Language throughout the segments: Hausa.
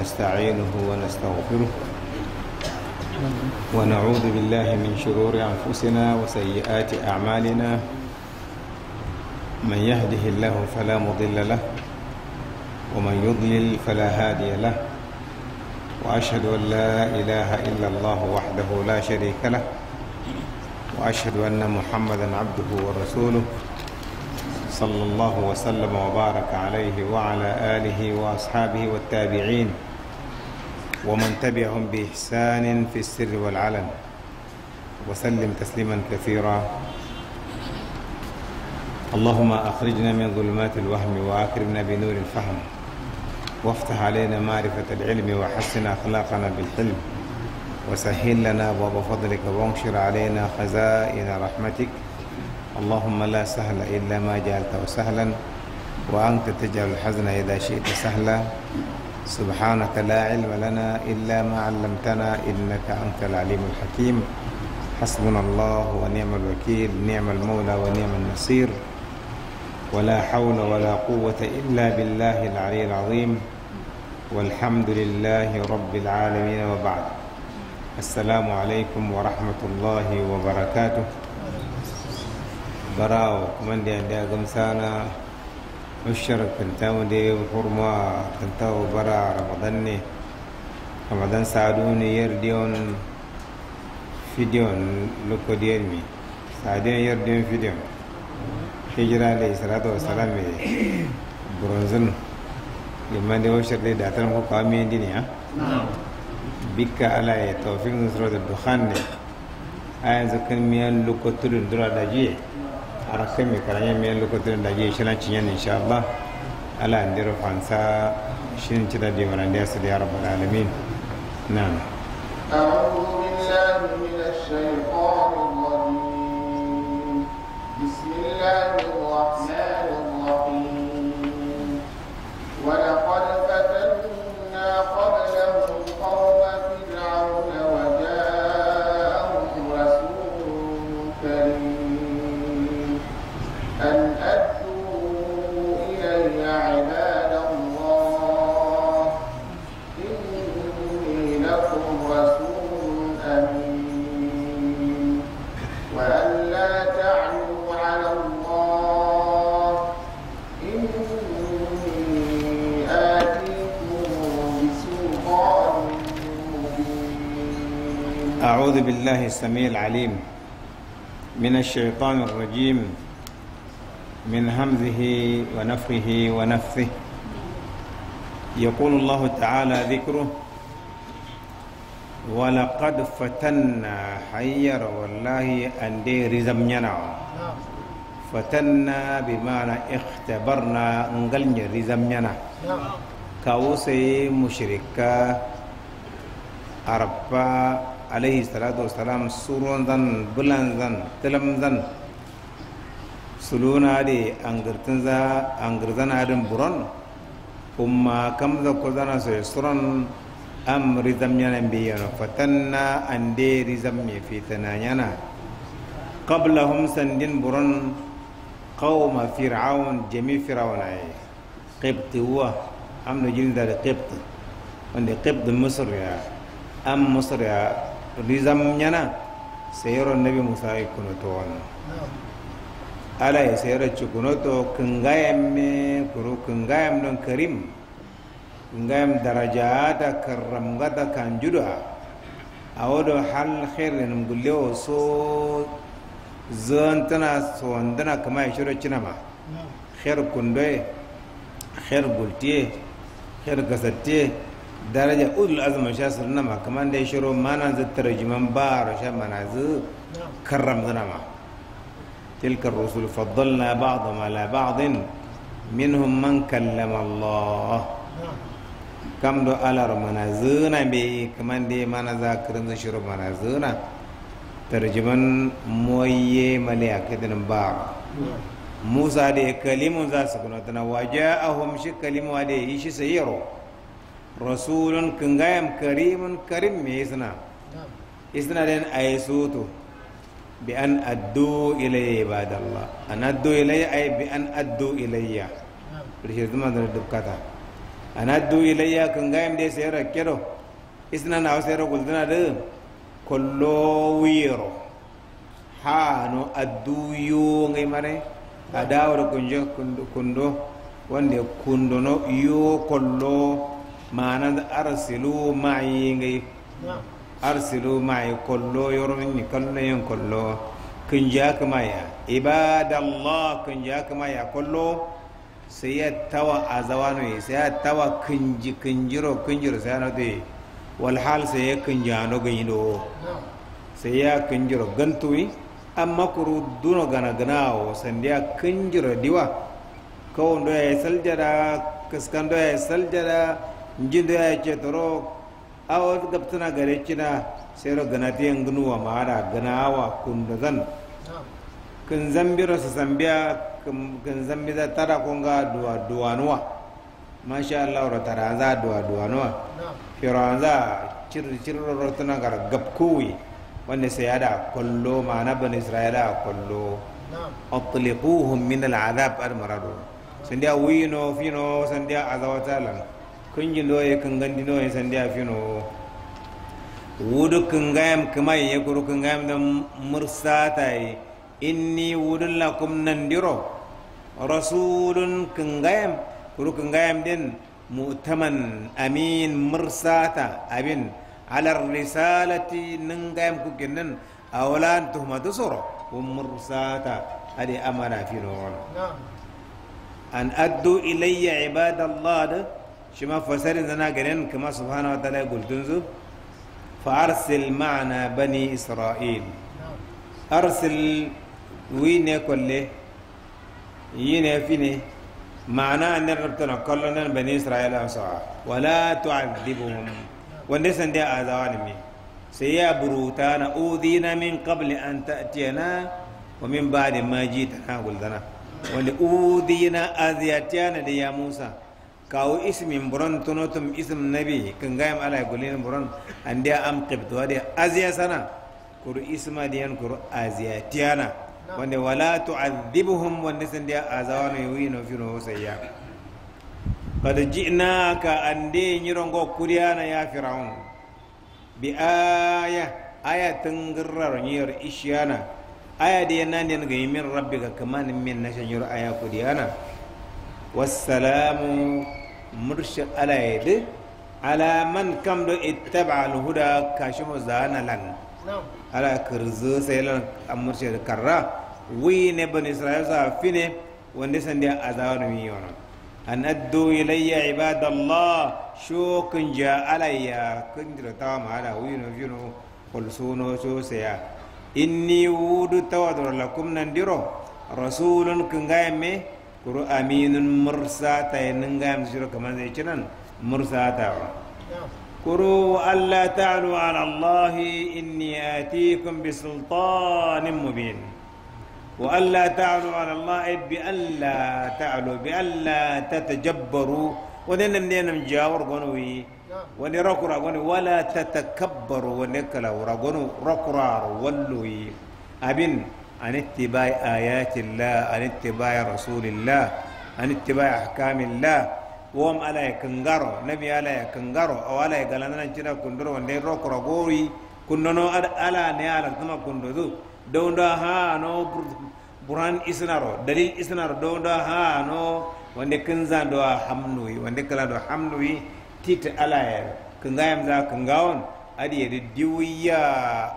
نستعينه ونستغفره ونعوذ بالله من شرور أنفسنا وسيئات أعمالنا من يهده الله فلا مضل له ومن يضلل فلا هادي له وأشهد أن لا إله إلا الله وحده لا شريك له وأشهد أن محمدا عبده ورسوله صلى الله وسلم وبارك عليه وعلى آله وأصحابه والتابعين ومن تبعهم بإحسان في السر والعلن وسلم تسليما كثيرا اللهم أخرجنا من ظلمات الوهم وأكرمنا بنور الفهم وافتح علينا معرفة العلم وحسن أخلاقنا بالحلم وسهل لنا باب فضلك وانشر علينا خزائن رحمتك اللهم لا سهل إلا ما جعلته سهلا وأنت تجعل الحزن إذا شئت سهلا سبحانك لا علم لنا إلا ما علمتنا إنك أنت العليم الحكيم حسبنا الله ونعم الوكيل نعم المولى ونعم النصير ولا حول ولا قوة إلا بالله العلي العظيم والحمد لله رب العالمين وبعد السلام عليكم ورحمة الله وبركاته براو من دي عندها مشر كنتاو دي وفرما كنتاو برا رمضان رمضان ساعدوني يرديون فيديون لوكو ديرمي ساعدوني يرديون فيديون هجرة عليه الصلاة والسلام برونزن لما دي مشر دي داتر مو قامين دينيا نعم. بك على توفيق نصرة الدخان دي هاي زكن ميان لوكو تلو درا داجيه har kai mai karanya mai lokacin da ke shirin cinye ne insha Allah ala an dira fansa shirin cida da yawan da su da ya rabu da alamin na'am أعوذ بسم الله الرحمن أعوذ بالله السميع العليم من الشيطان الرجيم من همزه ونفخه ونفثه يقول الله تعالى ذكره ولقد فتنا حير والله أندي رزم ينع فتنا بمعنى اختبرنا انقلن رزم ينع كاوسي مشركة أربا عليه الصلاة والسلام سورون بلان ذن تلم ذن سلون علي أنغرتن ذا أنغرتن عدم برون وما كم ذا كردنا سيسرون أم رزم ينبيون فتنا أن دي رزم يفيتنا ينا قبلهم سندين برون قوم فرعون جميع فرعون أي قبط هو أم نجل ذا قبط وأن قبط مصر يا أم مصر يا rizam nyana zam ñana nabi musa kuna kunoto wani ala e seyoro cukunoto kungayen me kuru kungayen don karim kengayam darajata karramgata juda a woɗo hal herre num gulle wa so zantana sondana kama e cina cinama khair kundoye khair gultiye khair gasattiye درجة أول أزمة شاسر نما كمان ده شروع ما نزت ترجمة بار وش ما نزت كرم ذنما تلك الرسل فضلنا بعضهم على بعض منهم من كلم الله كم دو على رمنا زنا بي كمان دي ما نذكر من شروع ما نزنا ترجمة موية ملياك إذن بار موسى دي كلمة زاسكنا تنا وجاءهم شكلمة دي إيش سيرو rasulun kingayam karimun karim me isna isna den ay sutu bi an addu ilayya ibadallah an addu ilayya ay bi an addu ilayya rishi zuma da dukkata an addu ilayya kingayam de sai kero isna na sai rakuldana de kullo wiro hano addu yu ngai mare adawra kunjo kundo wande kundono yo kollo maana arsilu maayi ngay arsilu maayi kollo yoron ni kollo yin kollo kun ja kuma ya ibadallah kun ja kuma ya kollo sai ya tawa a zawano sai ya tawa kunji kunjiro kunjiro sai na de walhal sai ya kunjano ganyi do sai ya kunjiro gantuwi amma kuru duno gana gana o sandiya kunjiro diwa kawon do ya saljada kaskan doya ya saljada njindo ya ce toro awa gabtana gare cina sai ro gana ta yangunuwa mara gana awa kunda zan kin zambi ro sambiya kin zambi za tara kunga duwa duwanuwa masha Allah ro tara za duwa duwanuwa firan za cir cir ro tana gar gabkowi wanda sai ya da kollo ma'ana bani isra'ila kollo أطلقوهم من العذاب المرادو سنديا وينو فينو سنديا عذاب تالنا kungindo e kangandino e sandi afino wudu kangayam kamai ye kuru kangayam da mursatai inni wudun lakum nandiro rasulun kangayam kuru kangayam din mu'taman amin mursata abin alar risalati nangayam kukinnan awalan tuhmatu suro um mursata ade amana fino an addu ilayya ibadallah da shi ma fasarin zana ganin kama subhanahu wa ta'ala ya gultun zu fa arsil ma'ana bani isra'il arsil wi ne kolle yi ne fi ne ma'ana an nan rabtana kallon nan bani isra'il an sa'a wala tu'adhibuhum wanda san dai azawa ne me sai ya buruta na udina min qabli an ta'tiyana wa min ba'di ma ji jitana guldana wanda udina aziyatiyana da ya musa kawo ismin buron tunotum ism nabi kan gayam ala gulin buron an dia am qibtu wa dia aziya sana kuru isma diyan kuru aziya tiana wanda wala tu'adhibuhum wanda san dia azawa no e yi no fi no sayya qad ji'naka an de nyirongo kuriana ya fir'aun bi aya aya tungrar nyir isyana aya da yana ne ga yimin rabbi ga kamanin min na shanyar aya kuriana wassalamu murshi ala yede ala man kam do ittaba al huda kashi ho zana lan ala kirzu sai lan amurshi karra wi ne ban isra'il sa fine wanda san da azawar mi yana an addu ilayya ibadallah shukun ja alayya kindira ta ma ala wi no jino kulsuno so saya inni wudu tawadar lakum nandiro rasulun kungaye me kuru mursa ta ya ninga mu shiro kamar zai ci nan mursa ta wa kuru Allah ta'alu ala Allah inni kun bi sultanin mubin wa Allah ta'alu ala Allah bi Allah ta ta'alu bi Allah ta tatajabbaru wani nan ne nan jawar gonowi wani rakura goni wala tatakabbaru wani kala wura gonu rakura walloyi abin عن اتباع آيات الله عن اتباع رسول الله عن اتباع أحكام الله wom ala ya kangaro nabi ala ya kangaro o ala ya galana cina kundoro wande rokoro gori kundono ala ne ala tuma kundodu dondo ha no buran isnaro dalil no wande kinza do hamnui wande kala do hamnui tit ala ya kangayam za kangawon diwiya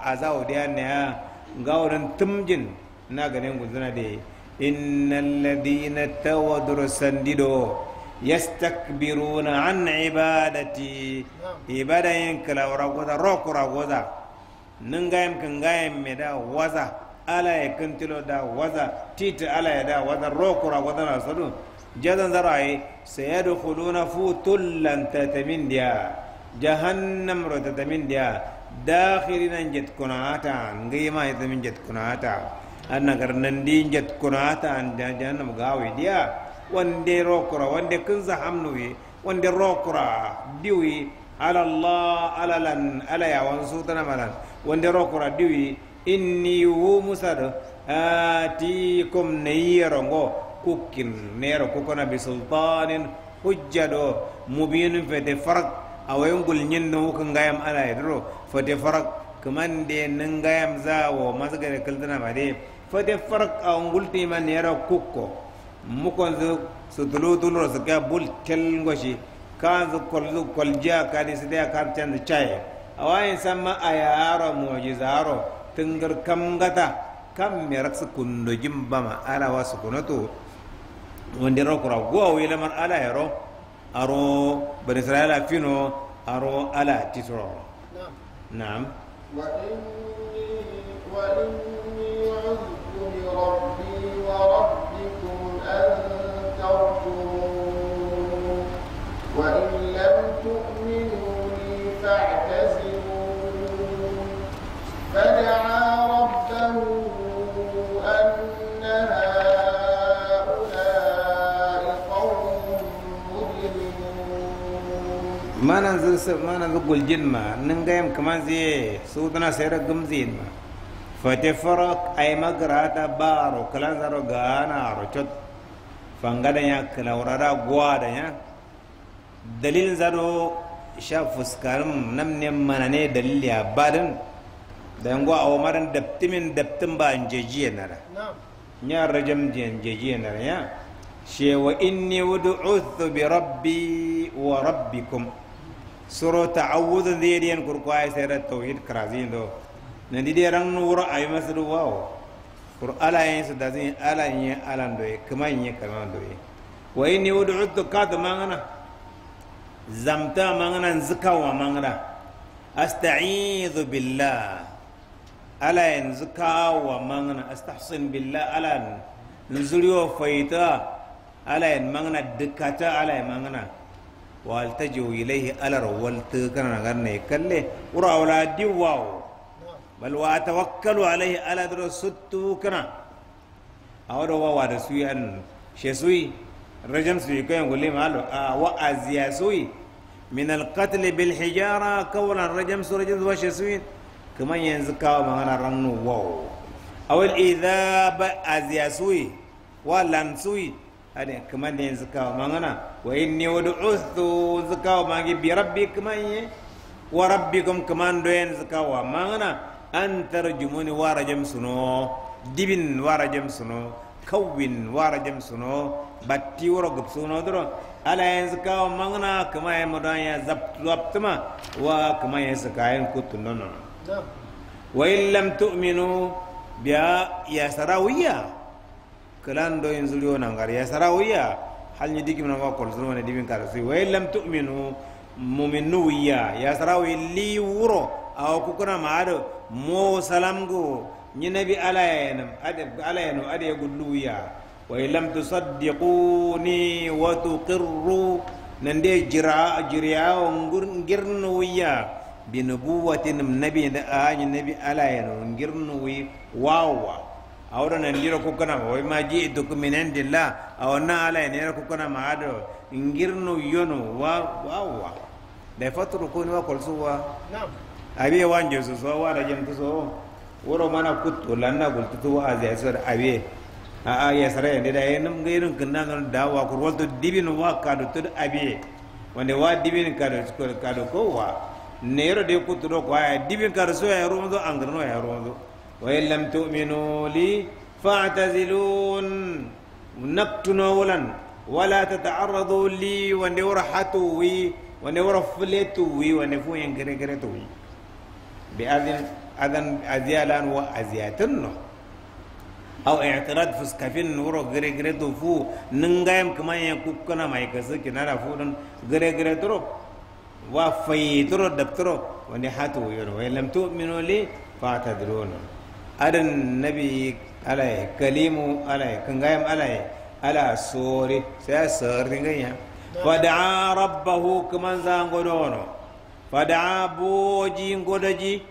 azawo de ne ha gawaran tumjin na ganen guzuna de innal ladina tawadur sandido na an ibadati ibadayin rokura ragoza nun gayan kan gayan me da waza ala ya kantilo da waza titi ala ya da waza rokura goza na sadu jadan zaraye sayadkhuluna fu tullan tatamin dia jahannam rotatamin diya. dakhirinan jet kunata ngayma yatamin jet kunata anna garnandi jet kunata anda jannam gawe dia wande rokora wande kunza hamnuwe wande rokora diwi ala allah alalan ala ya wansu tana malan wande rokora diwi inni wu musad atikum nayirongo kukkin nero kukona bisultanin hujjado mubinum fete farak awayin gulnyin na wukan gayam ala ya duro fote farak kaman de nan gayam za wa masu gari kaldana ba de fote farak a ungulti man yara kukko mukon su su tulu su ka bul telgoshi ka su kolzu kolja ka di su da kar can da A awayin samma a za mu'jizaro tungar kam gata kam merak su kundo jimbama ala wasu kunato wanda rokura go lamar ala ro. aro bani إسرائيل fino aro ألا titoro نعم وإني وإني عذت بربي وربكم أن ترجمون وإن لم تؤمنوا لي فاعتزلون فدعا manan sa manan zu guljin ma ningayam kaman zi sudana ra gumzin ma fate farok ay magrata baro kalan zaro gana ro chot fangada ya kala urara gwada ya dalil zaro sha fuskarum nam ne manane dalil ya badin dan gwa awmaran daptimin daptin ba njejiye nara nya rajam njejiye nara ya shewa inni wudu'uthu bi rabbi wa rabbikum suro ta'awudun di ediyan kurkwai sera tauhid karazin do na di dia rang nuro ay masdu wow kur ala yin su dazin ala yin ala do kuma yin kama do e wa inni ka da mangana zamta mangana zika wa mangana asta'idhu billah ala yin zika wa mangana astahsin billah ala nzuriyo faita ala yin mangana dukata ala yin mangana والتجو إليه ألر والتقرن غرني كله ورا أولادي واو بل وأتوكل عليه ألا درستو كنا أورو واو أن شسوي الرجم سوي كي يقولي لي مالو آه وأزيا سوي من القتل بالحجارة كولا الرجم سوي رجم وشسوي كما ينزكاو مغانا رنو واو أو الإذابة أزيا سوي ولن سوي ade kamande en zikawa mangana wa inni ud'ustu zikawa mangi bi rabbik manye wa rabbikum kamando en zikawa mangana an tarjumuni wara jam suno dibin wara suno kawin wara suno batti woro gup suno doro ala en zikawa mangana kama en modan ya zaptuma wa kama en zikayen kutu nono wa in lam tu'minu biya ya sarawiya kelan do in zuri wona ngari ya sarawiya hal ni digi mna wakol zuri wona dibin kar zuri wa illam tu'minu mu'minu wiya ya sarawi li wuro aw ku kuna ma ado mo salam nabi alayen ade alayen ade gullu wiya wa illam tusaddiquni wa tuqirru nande jira jiriya ngur ngirnu wiya bi nubuwatin nabi da ah, a ni nabi alayen ngirnu awro nan liro kukkana ma ji wayma jiitukum la, a awonna ala e nera kukkana ma aɗo girno yono wawa nde fattoro koni wa kol suwa wa wiye wan josu da waɗa jemtu so wuro mana kutu lanna gultutu waasi sar sore a wiye aa yadda da ndeɗa e nam gaynon kinnanon dawa ko wolto dibin wa kadu toɗo a wiye wonde wa dibin kadu kaɗo ko wa nero de kuttuɗo ko aya dibin kaɗo so e rumdo engrais ya e rumdo وإن لم تؤمنوا لي فاعتزلون نكتنوا ولا تتعرضوا لي ونور حتوي ونور فلتوي ونفو ينكركرتوي بأذن أذن أزيالا وأزياتن أو اعتراض فسكفين نورو غري غري فو ننغايم كما يكوب كنا ما يكسر كنا رفورن غري غري ترو وفي ترو دبترو ونحاتو يرو وإن لم تؤمنوا لي فاعتذرون adan nabi alaye kalimu alaye kangayam alaye ala sori sai sarri ganya fada'a rabbahu kaman zango dono fada'a boji ngodaji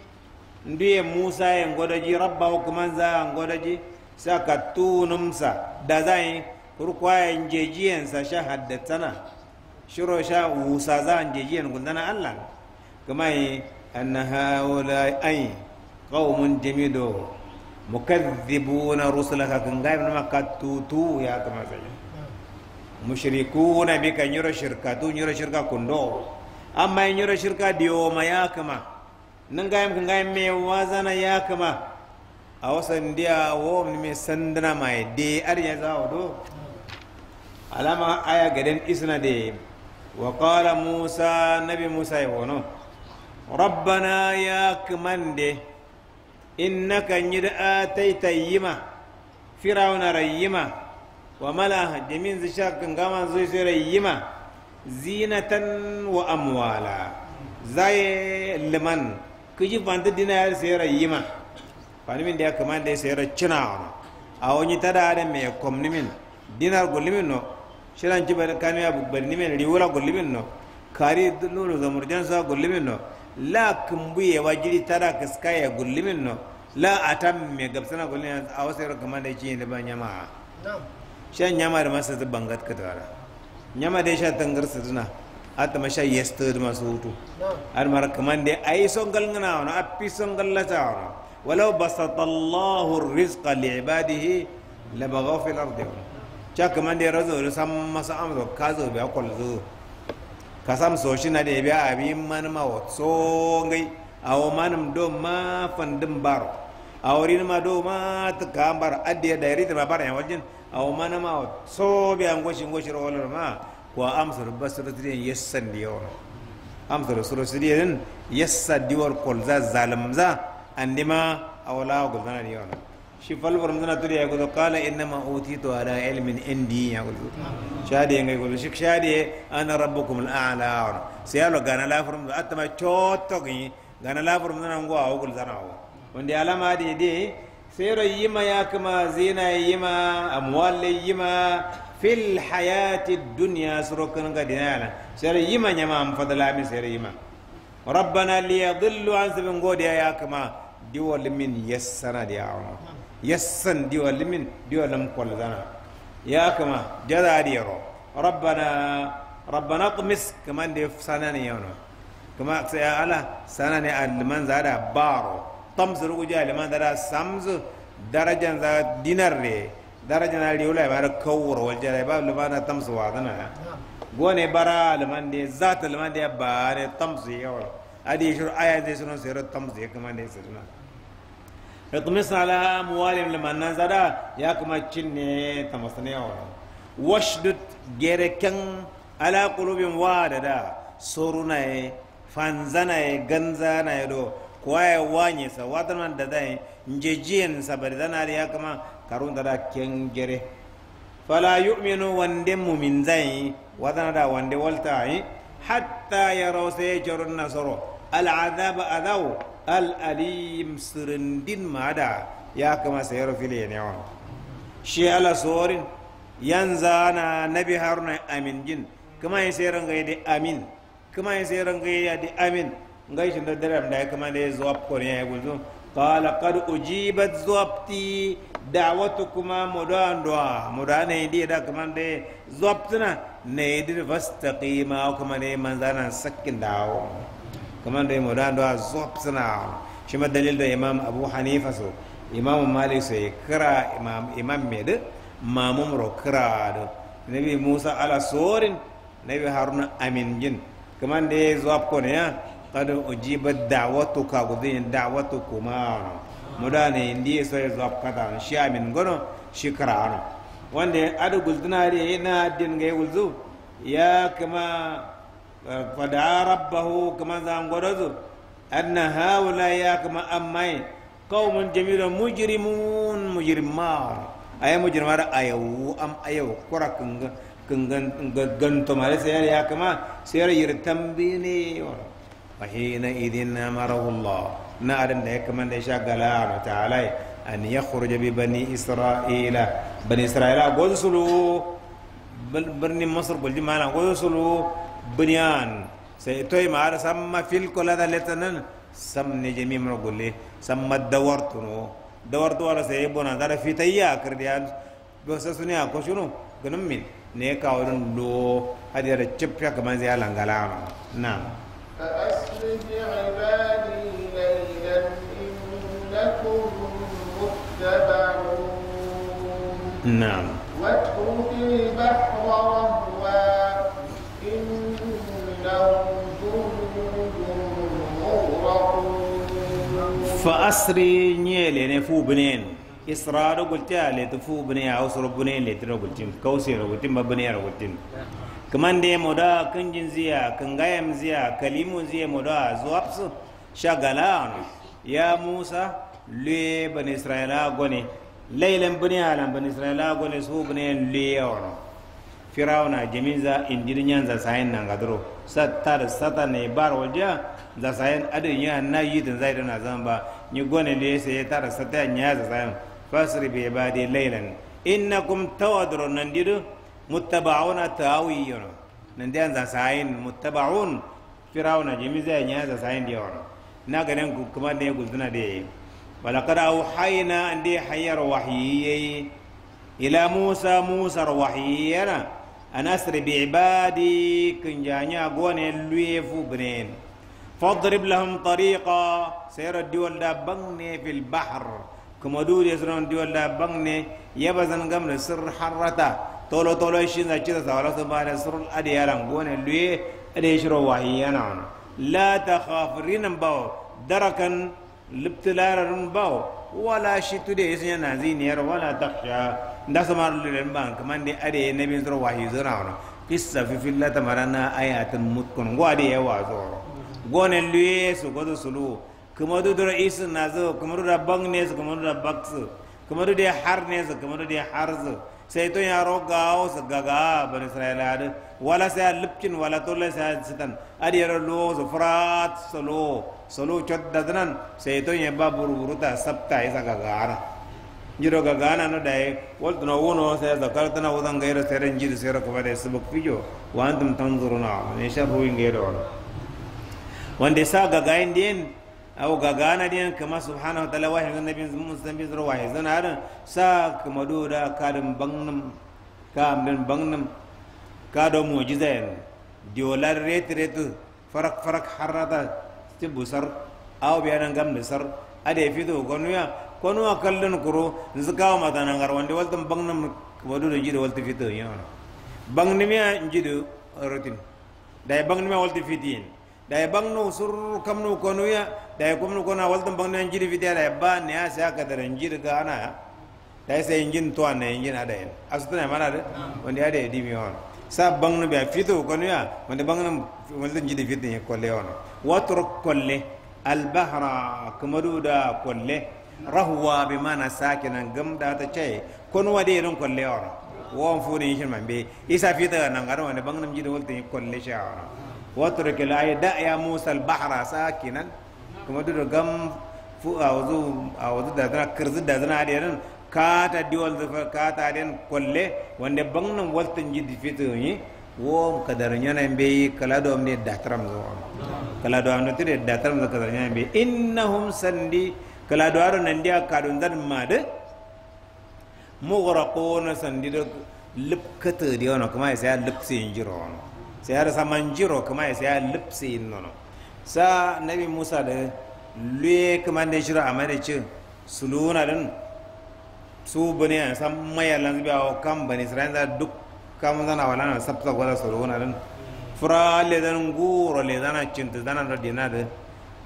ndiye musa ya ngodaji rabbahu kaman za ngodaji saka tunumsa da zai kurkwaye jejiyansa sha haddatana shiro sha wusa za njejiyen gundana allah kamai anna haula ai qaumun jamido mukaththibuna rusulaka kangayɓe ma ka tutu yatuma sañi bi ka ñoro shirka tu ñoro shirka kundo amma e ñoro shirka diyoma yakama nangayam kangayam me wasana yakama a wasan diya wom me sandana ma e de ariya zawo wado. alama aya gaden isna de wa qala musa nabi musa e wono rabbana de. innaka nyida ataita yima firawna rayima wa malaha jamin zishak ngama zishira yima zinatan wa amwala zaye liman kiji bandi dina ya sayar yima fani min da ya kamanda ya sayar cina a wani tada da mai komni min dinar gulimin no shiran ci bari kanu ya bugbar nimin riwula gulimin no kari nuru zamurjan sa gulimin no la kumbuye jiri tara kiska ya gullimin no la atam me gabsana gullimin a wasu yaro kamar da ci da ban yama shan yama da masu zuba bangat ka tara yama da sha tangar su zuna a ta masha yasta da masu hutu har mara kamar da a yi son galgana wani a fi son gallata wani walau basatallahu rizqa li ibadihi la baghaw fil ardi cha kamar da razo san masa amzo kazo bi akol zo kasam soshina de bia abi man ma so ngai awo manam do ma fandim baro awrin ma do ma tkambar adde da rit ma bar yan wajin awo manama wo so bi an goshin goshi ro wala ma ko amsar basir din yassan di yoro amsar suru sidin yassa diwar kolza zalamza andima awla golzana di yoro شفال برمضان تري يقول قال إنما أوتيت على علم عندي يقول شادي يعني يقول شك شادي أنا ربكم الأعلى سيالو قانا لا فرمز أتما چوتوكي قانا لا فرمزنا نقوى أقول زناو وندي على ما دي دي سير يما ياكما زينا يما أموال يما في الحياة الدنيا سروكن قدينا سير يما يما أمفضل أمي سير يما ربنا ليضلوا عن سبيل قود يا ياكما دي ولمن يسنا دي عونا yassan diwa limin diwa lam kwalzana ya kama jada adi yaro rabbana rabbana kumis kaman da sana ne yawo kuma sai ala sana ne alman zada baro tam zuru guja alman da samz darajan za dinar re darajan ali ulai bar kawur wal jada ba lumana tam su wadana gone bara alman de zata alman de bare tam su yawo adi shur aya de sunan sirat tam su kaman da sirna itmis ala amwalihim liman zada ya kuma cinne tamasne wa washdud gereken ala qulubin wadada soruna ye fanzana ye ganzana ye do kuwa wanye sa nan da dai njejiyen sabari dana ya kuma karun da ken gere fala yu'minu wande mumin zai watana da wande walta hatta ya rausa sai jarun nasoro a adaw al'alim sirindin mada ya kama sayar fili ne wa shi ala sorin yanza na nabi haruna amin jin kuma yin sayar ga yi amin kuma yin sayar ga yi amin ngai shi da dare da ya kama da ya zuwa ko ne ya gudu qala qad ujibat zuwabti da'watukuma mudan du'a mudan ne di da kama da zuwabtuna ne dir fastaqima kuma ne manzana sakin dawo kamar da maulan da zuwa suna shi ma dalil da imam abu hanifa so imam mali so kira imam imam med mamum ro kira da nabi musa ala sorin nabi haruna amin jin kamar da zuwa ko ya kada ba da'watu ka gudin da'watu kuma ne ndiye so zuwa kada shi amin gono shi kira wanda adu gulduna ne na dinga ya ya kama فدعا ربه كما زانغورزو أن هؤلاء كما أمين قوم جميل مجرمون مجرمار أي مجرمار أيو أم أيو كورا كنغ كنغ كنغ مالي سيار يا كما سيار يرتمبيني وحينئذ أمره الله نعلم ذلك من ليشا قلعنا تعالى أن يخرج ببني إسرائيل بني إسرائيل غزلوا برني مصر بالجمال غزلوا bunyan سيتوي مار سما في الكل هذا لتنن سم نجمي مرغولي سما دورتنو دور دور سيبونا دار في تيا كرديان بس سنيا كوشنو غنمين نيكا ورن لو هذه رچپيا كمان زي لانغالا نعم فأسر بعبادي ليلا إنكم متبعون نعم واترك البحر فأسري نيلي نفو بنين إسرار قلتها لتفو بنين أوس ربنين لتر قلتين كوسي ربتين ببنين ربتين كمان دي مودا كنجن زيا كنغايم زيا كليمو زيا مودا زوابس شغلان يا موسى لي بني إسرائيل غني ليلا بني عالم بني إسرائيل غني سو بنين لي ورم Firawuna, firawna geminza indirnya za sayen nan gadro satar satane bar walja za sayen adin ya na yi din zai na zan ba ni gone ne sai ya tara sataya nya za sayen fasri bi ibadi laylan innakum tawadru nan diru muttaba'una tawiyuna nan dan za sayen muttaba'un firawna geminza nya za sayen da yawa na ganin ku kuma ne gulzuna da yayi walaqad auhayna an dai hayar wahiyyi ila musa musa yana. أنسر بعبادي كنجانيا قوان اللويف بنين فاضرب لهم طريقا سير الدول دا بغني في البحر كما دول يسرون الدول دا بغني يبزن قمر سر حرتا طولو طولو يشين ذا كذا سوالا سبالا سر الأديالان قوان اللوي أديشرو وحيانا لا تخاف رينم باو دركا لبتلارا باو ولا شتو دي اسنان ولا تخشى nda somaru lilen ban kamande ade ne nabi zoro wahi zoro hono kissa fi fillata tamarana ayatan mutkon go ade ya wa zoro gone luye su gozo sulu kuma du doro isu na zo kuma du da bang ne su kuma du da baksu kuma du da har ne su kuma du da har su sai to ya roga o su gaga ban israila da wala sai lipcin wala tolle sai sitan ade ya lo su frat solo solo chodda nan sai to ya baburu buruta sabta isa gaga njiro ga gana no dai waltu no uno se karta na udan gaira seren jidi sera ko bade sabak fijo wa antum tanzuruna ne sha da gairo wanda sa ga gain din au ga gana din kama subhanahu wa ta'ala wa hin nabi mun san bi zura wahi zan aran sa kuma dora da kadin bangnam ka amdan bangnum ka do mu'jiza yan diolar reti ret farak farak harada tibusar au biyanan misar ada fito gonuya konu akallin kuro nzikawa mata nangar wande walta wadu da jido walta fito yana ya bangnimiya jido rotin day bangnimiya walta dai bang bangno sur kamno konuya day komno kona walta bangnimiya jido fitiya dai ba ne asa ya, kadara jido ga ana ya dai sai injin to ana injin ada ya. asutana mana de wande ada nah. ya, di mi yana sa bang bangno be fito ya wande bangnam walta jido fitiya kolle yana watruk kolle bahra kamaduda kolle rahuwa bi mana sake nan gamda ta ce kun wade ron kolle ora won fudin shin be isa fi fita nan garan wani bangin jida wolte kolle sha ora watruk al ayda ya musa al sake nan kuma dudo gam fu awzu awzu da zana kirzi da zana da yanin ka ta diwal da ka ta den kwalle wanda bangin bangnam waltan fi ta yi wawan kadar nyana be kala do amne datram zo kala do amne tire datram zo kadar nyana be innahum sandi kala duwaro nandi a kadun zan made gora ko na sandi da kata di yawon kuma e ya saya lip in jiro wani sai da sama jiro kuma e ya saya lip in nono sa nabi musa da luye kuma da jiro a mana ce su luna din su bane a san lan lanzu awo kan bane sirayen da duk kamun zana wala na sabta gwada su luna din fura le zan guro le zana cinta zana da dina da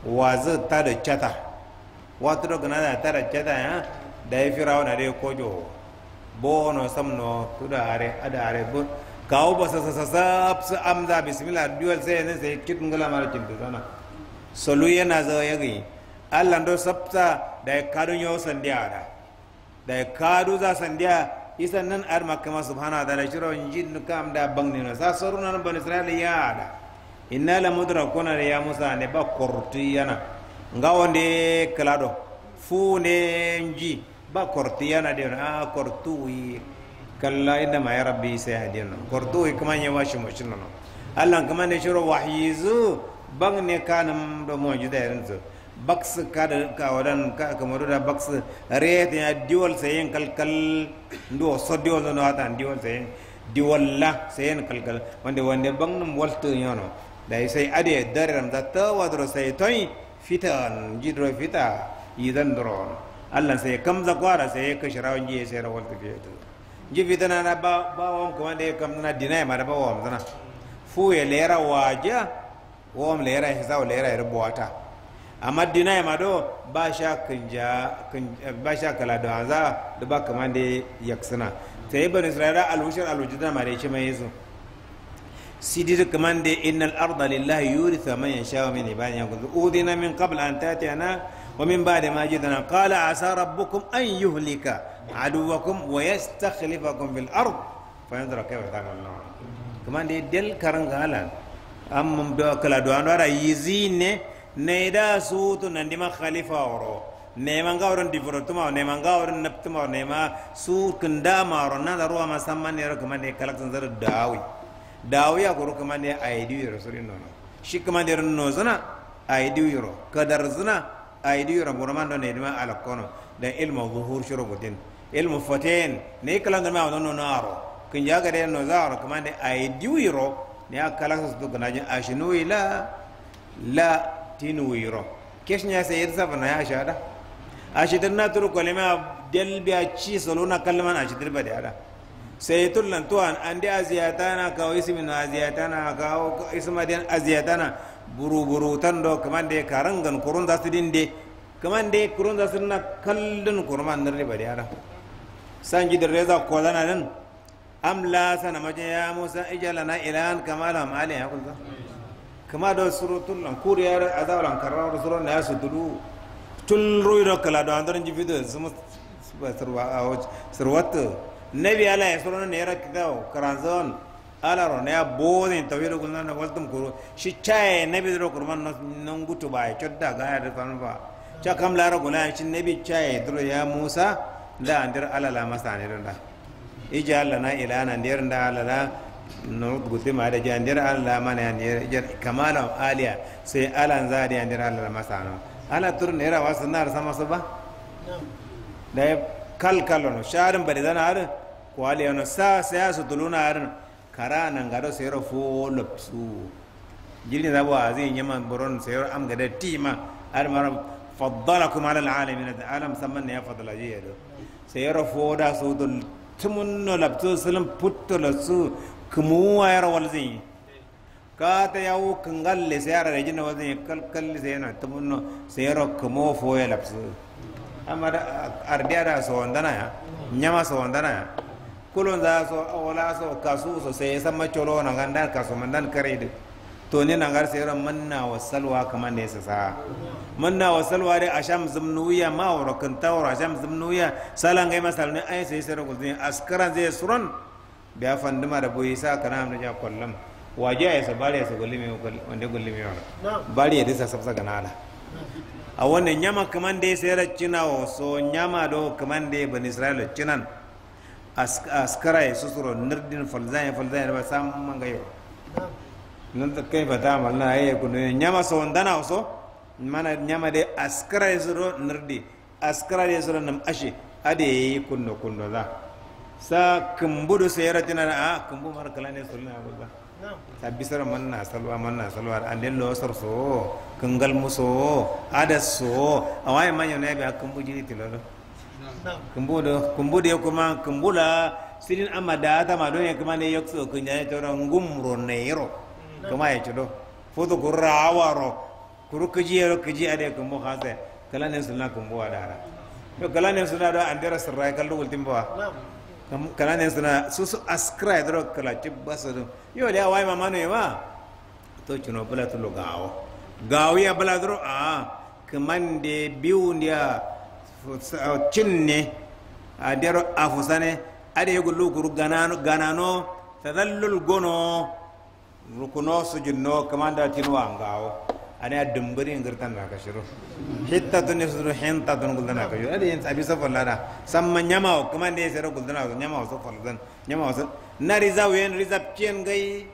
wazi ta da cata gana gnana tara ceta ya Da dai firawna re kojo bo no samno tuda are ada are bu kawo ba sa sa sa sa amza bismillah duwal sai ne sai kit ngala mara cintu sana solu yana e zo yagi e allah do sabta da e kadu yo sandiya da da kadu za sandiya isan nan ar makama subhana da shiro nuka kam da bangne no sa soruna ban ya da inna la da ya musa ne ba kortu yana ngawonde kelaɗo fu ne nji ba kortiyana de a kortuwi kalla innama ya rabbi sayadino kuma kamanye washi moshinono allah ne shiro wahyizu bang ne kanam do mojuda yarinsu baks kada kawadan ka kamaru da baks rete ya diwal sayen kalkal ndo so diwal no ata diwal sayen diwal la sayen kalkal wande wande bang num walto yono dai sai ade daram da tawadro sai toy fitan jidro fita yidan dron allah sai kamza kwara sai ka shirawan ji sai rawal tafiya to ji fitana na ba ba won kuma da kam na dinai ma da ba won zana fu ya lera waja won lera hisaw lera rubuwata amma dinai ma do ba sha kinja ba sha kala da za da ba kamande yaksana sai ibn isra'ila al-ushar al-wujudan ma da yake mai yazo سيدي كماندي إن الأرض لله يورث من يشاء من عباده يقول أوذنا من قبل أن تأتينا ومن بعد ما جئنا قال عسى ربكم أن يهلك عدوكم ويستخلفكم في الأرض فينظر كيف تعملون كمان دي دل كرنغالا غالان أم دو كلا دو أنو يزين نيدا صوت نندما خليفة ورو نيمان غاورن ديفروتما نيما غورن نبتما نيما سوت كندا مارو نادا روا ما سمان يركمان كمان دي داوي dawo ya kuru kuma ne a yi diyo suri nono shi kuma ne rinno zina a yi diyo kadar zuna a yi diyo buru man don ne dima don kono ilmu zuhur shuru gutin ilmu fotin ne kalan ga ma nono naro kin ya gare no zaro kuma ne a yi diyo ne a kalan su duka gana jin a nuyi la la tinu wiro keshin ya sai yadda safa na ya shada a shi na turu kwalima delbiya ci salona kalman a shi dirba da yada sai tullan tuwan an di aziyatana kawo ismin aziyatana kawo ismadin aziyatana buru-buru tan do kaman de karangan kurun za su dinde kaman de kurun za su na kallon kurman nan riba da yara san ji reza ko zana nan amla sana maje ya musa ijala na kama kamala mali ya kulta kama da surutun lan kuriyar azawran karar surun na ya su dudu tun ruwa kala da an darin ji su ba surwata nabi ala yasrona nera kitao karanzon ala ro ne bodin tawiro gunna na waltum kuru shi chaye nabi dro kurman non gutu ba chodda ga ya tan ba cha kam la ro guna shi nabi chaye dro ya musa da andir ala la masane rinda ija ala na ilana ndir nda ala la no gutu ma da jandir ala la mana ndir kamala aliya sai ala zari andir ala la masano ala tur nera wasanar sama su ba da Kal-kal kalkalono sharin baridana harin kwaliyono sa sayasu tuluna harin kara nan gado sayro fo lopsu jirni zabo azin yama boron sayro am gada tima ar mara faddalakum ala alalamin alam samman ya fadala jiya do sayro fo da su dul tumunno lopsu sulim putto lopsu kumuwa yar walzin kata yawu kangalle sayara rejina walzin kalkalle sayana tumunno sayro kumo foye ya lopsu amara ardiara so ondana ya nyama so ondana ya za so ola so kasu so sai sama cholo na ganda kasu mandan da to ne na gar sayar manna wa salwa kaman ne sa manna wa salwa dai asham zumnuya ma wa rakan tawra asham zumnuya salan gai masal ne ai sai sai gudin askaran zai suran biya fanduma da boyi sa kana mun ja kullum waje sabare sa gulli sa wanda gulli me wa bari ya disa sabsa ganala wani nyama kamande sayar cina wa so nyama do kamande ban israel chinan askara ya susuro nirdin falzanya falzanya ba sam mangayo nan ta kai bata malna ayi ne nyama so ndana o so mana nyama de askara ya suro nirdi askara ya suro nam ashe ade kunno kunno za sa kumbudu sera cinan a kumbu mar kalane sulna ba tabbisar manna salwa manna salwa alillo so kangal muso adasso awai manyo ne ba kumbu jiri tilolo kumbu do kumbu de kuma kumbula sirin amada ta ma don ne kuma ne yokso kunya ne to ngumro neiro kuma ya chudo fudu kurawaro kuru kuji ro kuji ade kumbu khase kala ne sunna kumbu adara to kala ne sunna do andera sirrai kallu ultimba kana ne suna su su askra idro kala tibba sadu yo le wai mama no ba to chino bala to lo gawo gawo ya bala dro a kaman de biu ndia cinne a dero afusane ade yugo luguru ganano ganano tadallul gono rukuno kaman da tinwa gawo a dumburi in girtan na ka shiru tun ne suru hintatun guldana ka shiru adi yin sabi safar lada samma nyama o kuma ne sero guldana ka nyama o safar lada nyama o san na riza wen riza pchen gai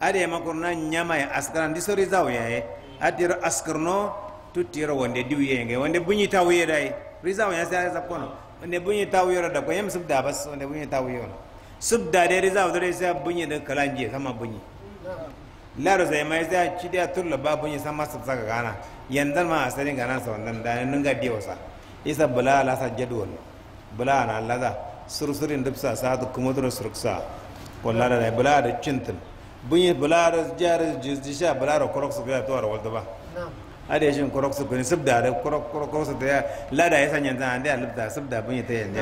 adi makur na nyama ya askaran diso riza o yae adi ro askarno tutiro wonde diwiye ngai wonde bunyi tawiye dai riza o ya sai riza kono wonde bunyi tawiye da ko yam subda bas wonde bunyi tawiye subda dai riza o dai sai bunyi da kalanje sama bunyi laro zai mai zai ci da tulla babu yin san masu saka gana yanzu ma a sanin gana sa wannan da nan ga diyo sa isa bula la sa jadwal bula na laza sursurin dubsa sa da kuma dur surksa wallahi da bula da cintin bunyi bula da jar jisha bula da korok su ga to ar walda ba ada shin korok su kun subda da korok korok su ya lada ya san yanzu an da lubda da bunyi ta yanzu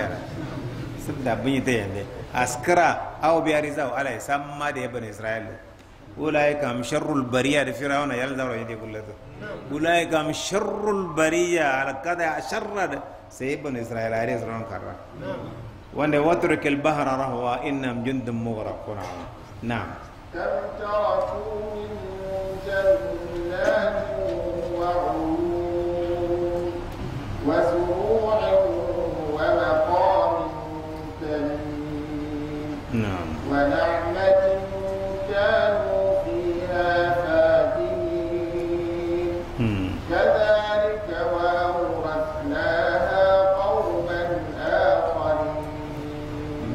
subda bunyi ta yanzu askara aw biyariza alai samma da ya bani isra'ilu أولئك هم شر البرية لفرعون يلا دور يدي كل هذا أولئك هم شر البرية على كذا شر سيبن إسرائيل عليه إسرائيل كرر وأن واترك البحر رهوا إنهم جند مغرقون نعم نعم تركوا وزروع ومقام كريم نعم. ونعمة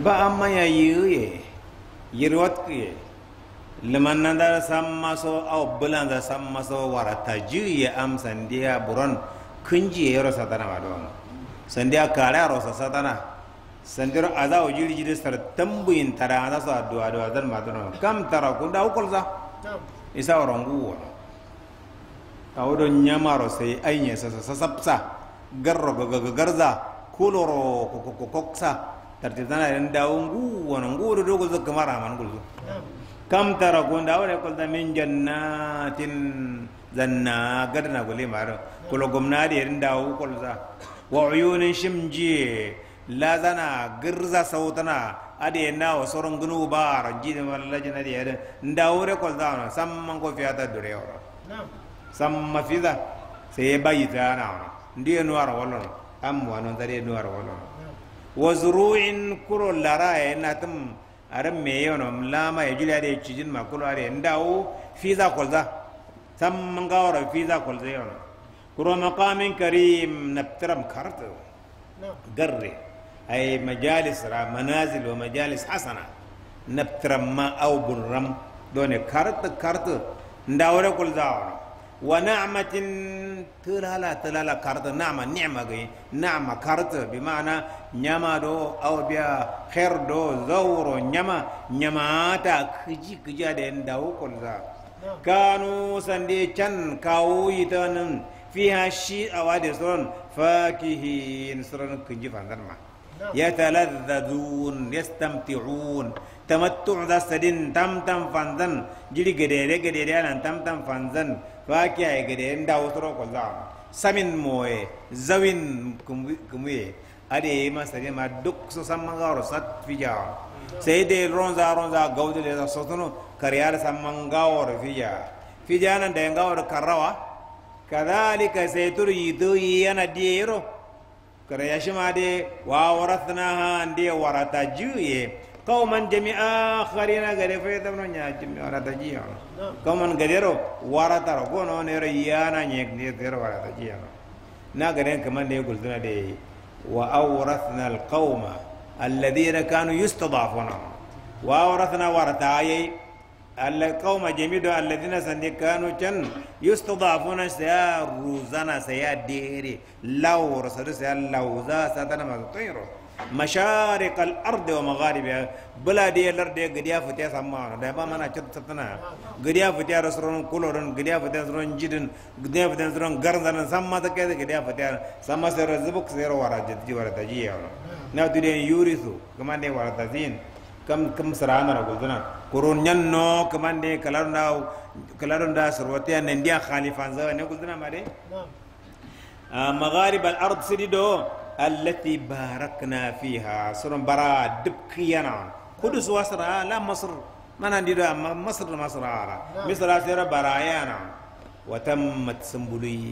በአማኝ ይየ ይሮት ለማናንዳ ሳማሶ አው ብላንዳ ሳማሶ ወራታ ጅየ አም ሰንዲያ ቡረን ክንጂ የሮ ሳታና ማዶ ሰንዲያ ካላ ሮሳ ሳታና ሰንዲሮ አዛ ወጅል ጅል ሰር ተምቡ ይንተራ አዛ ሳ አዱ አዱ አዘን ማዶ ከም ተራ ኩንዳ ወቆልዛ ኢሳ ወራንጉ ወራ አውዶ ኛማሮ ሰይ አይኘ ሰሰሰሰብሳ ገሮ ገገገርዛ ኩሎሮ ኮኮኮክሳ tartib sana ren dawo ngu wono nguru dogo zo kamara man gulzo kam tara gonda wala ko da min jannatin zanna gadna gole maro kula gomna de ren dawo kulza wa uyunin shimji la zana girza sautana ade na wa soron gnu da jide wala da de ren dawo re kulza no samman ko fiata dure ora samma fiza sai bayita na ndiye nuwar wallon amma non tare nuwar wallon wa kuro lara ya na tum aran me yau na lama ya jula da cijin ma kulo are ndawo fi za kolza tam mangawara fi za kolza yau na kuro maqamin karim naftaram karta garre ay majalis ra manazil wa majalis hasana naftaram ma au bunram done karta karta ndawara kolza wa wa na'matin tulala tulala karta na'ma ni'ma gai na'ma karta bi ma'ana nyama do aw biya khair do zawro nyama nyama ta kiji kija da ndawo kulza kanu sande can kawo yitanin ha shi awade suran fakihin suran kiji fanzarma yatalazzazun Ya tamattu da sadin tamtam fanzan jiri gadere gadere nan tamtam fanzan fakiya gede nda wotoro ko zam samin moye zawin kumuye ade ma sare ma duk so samangaro sat fija sai dai ronza ronza gaude de sotono kariyar samangaro fija fija nan da ngawar karawa kadhalika saytur yidu yana diero karayashima de wa waratnaha ndiye warata juye قوما جميع آخرين غير فيتمنو نيا جميع ورطة جيانو قوما غيرو ورات رو كونو يانا نيك نيرو ورات جيانو نا غيرين كمان ليه قلتنا دي وأورثنا القوم الذين كانوا يستضعفون وأورثنا ورطة آيي القوم جميع الذين سندي كانوا جن يستضعفون سيا روزانا سيا ديري لو رسدو سيا لوزا ساتنا ما تطيرو مشارق الارض ومغاربها بلا دي الارض غديا فتيا سما دا با منا چت ستنا غديا فتيا رسرون کولورن غديا فتيا رسرون جيدن غديا فتيا رسرون گردن سما تا کي غديا فتيا سما سر زبك سر ورا جت جي ورا تجي يا نا دي يوريسو كمان دي ورا تزين كم كم سرانا رغدنا قرون نن نو كمان دي كلارنا كلارنا سروتيا ننديا خالفان زو نه گدنا ماري مغارب الارض سدي دو التي باركنا فيها سورة برا دبكينا قدس وصر لا مصر ما عندي مصر مصر على مصر سيرة برايانا وتمت سنبلي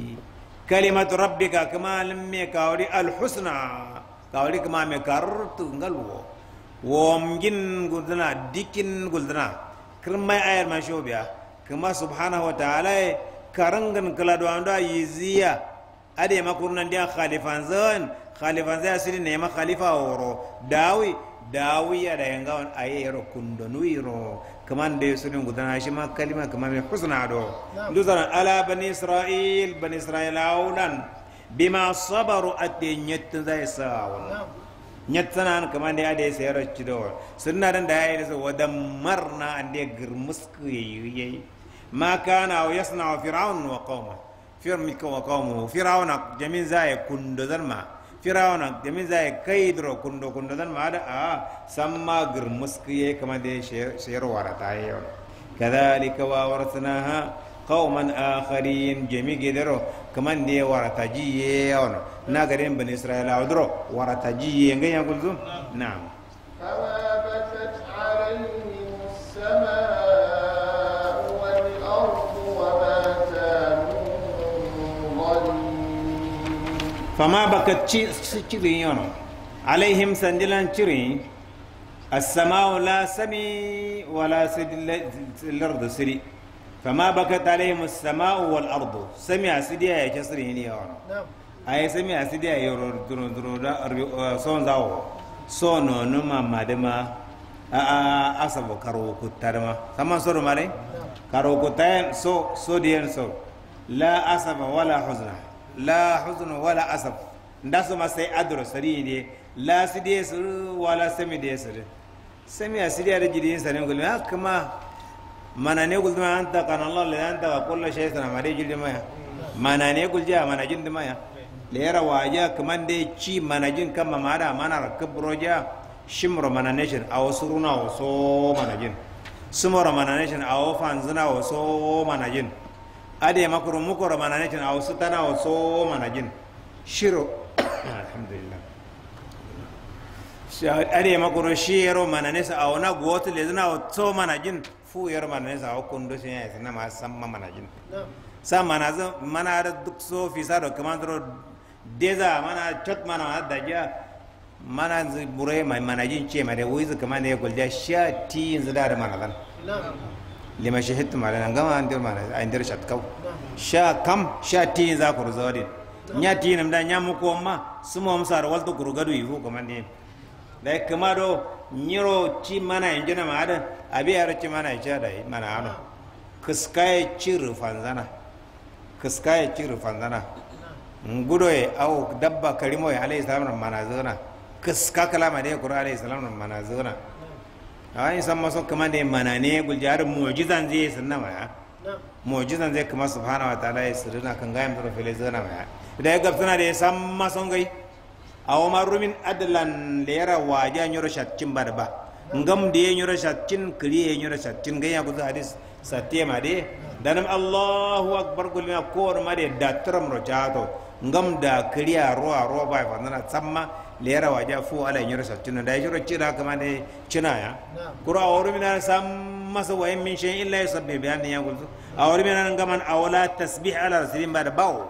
كلمة ربك كما لم يكاوري الحسنى كاوري كما مكرت نقلو ومجن قلنا ديكن قلنا كرما آير ما شوبيا كما سبحانه وتعالى كرنغن كلا دواندا يزيا أدي ما كنا نديا خالفان زين khalifanze asiri nema khalifa woro dawi dawi ada yengawan ayero kundonuiro kaman de sunu gudana shi ma kalima kaman mi husna do nduzana ala bani israil bani israil aulan bima sabaru ate nyetta zai sawon nyetsanan kaman de ade sayar cido sunna dan da yayi so wadammarna ande girmusku yayi ma kana yasna fir'aun wa qauma fir'aun wa qaumu fir'aun jamin zai kundo zalma firawna demin zai kai dro kundo kundo dan maada a samma gir muskiye kama de shero warata yo kadhalika wa waratnaha qauman akharin jami gidero kama de ya yi yo na garin bani israila dro warata jiye ngan yakulzu na'am fama baka cirin yano alaihim sandilan cirin السماء لا سمي ولا الأرض سري فما بكت عليهم السماء والأرض سمع سدي يا كسري هني نعم أي سمع سدي يا يور درو درو سون زاو سون نما مادما أصاب كارو كتارما كما سورة مالي كارو كتار سو سو ديان سو لا أصاب ولا حزن la huzn wala asaf nda su ma sai adro sari ne la su de su wala sami de suru sami a siri ada jiri sani ngul ma kuma mana ne gul ma ta kana allah la anta wa kullu shay sana ma de jiri ma ya mana ne gul ja mana jin ma ya lera waja kaman de ci mana jin kama ma mara mana rakabroja shimro mana ne shin a suruna runa wasu mana jin sumoro mana ne shin a fanzuna wa wasu mana jin ade makuru mukoro mana ne tana wasu tana wasu mana jin shiro alhamdulillah ade makuru shiro mana ne sa awna goto le zana wasu mana jin fu yar mana ne sa kundo shi ne sana ma san mana jin sa mana zan mana da duk so fi sa do kamandro deza mana chot mana da ja mana burai mai mana jin ce mai da wuyi kamar ne ya shi sha ti yanzu da mana zan lima shahidtu lana gama andir malana andir shatkau sha kam sha ti za ku rizodin nya ti nam da nya muku ma sumo waltu kuru gadu yifu komande da kuma do nyiro ci mana injina ma adan abi yar ci mana ci da mana ano kiskaye ci rufanzana kiskaye ci rufanzana ngudo e au dabba karimo e alayhi salamu mana zona kiska kalama de qur'an alayhi salam ay samma so kama da manane guljar mu'jizan zai sanna ya mu'jizan zai kama subhanahu wa ta'ala ya sirrina kan gayam da fele zana ya da ga suna da samma son gai aw rumin adlan da yara waja nyoro shatcin barba ngam da ya nyoro shatcin kriye nyoro shatcin ya ku hadis satye ma de danam allahu akbar gulma ko ma da de datram rojato ngam da kriya ruwa ruwa ba fa na tsamma. lera waja fu ala nyoro sa tuna da yoro cina kama ne cina ya kura awru mina sam masa wa min shay illa yusabbi bi anni yaqul awru mina ngaman awla tasbih ala rasulin ba da bawo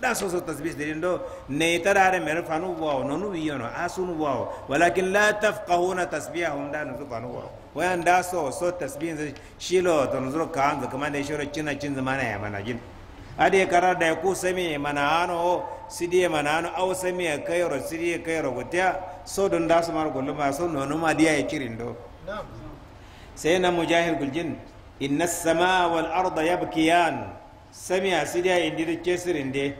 da so so tasbih dirin do ne tara da mer fanu bawo no nu yono asunu bawo walakin la tafqahuna tasbihahum da nu fanu bawo wayan da so so tasbih shilo to nu zuro kan kama ne shoro cina cin zamana ya mana jin ade karar da ku sami manano o sidi manano au sami kayro sidi kayro gutya so don da samar golma so nono ma diya do sai na mujahid guljin inna sama wal arda yabkiyan sami sidi indir de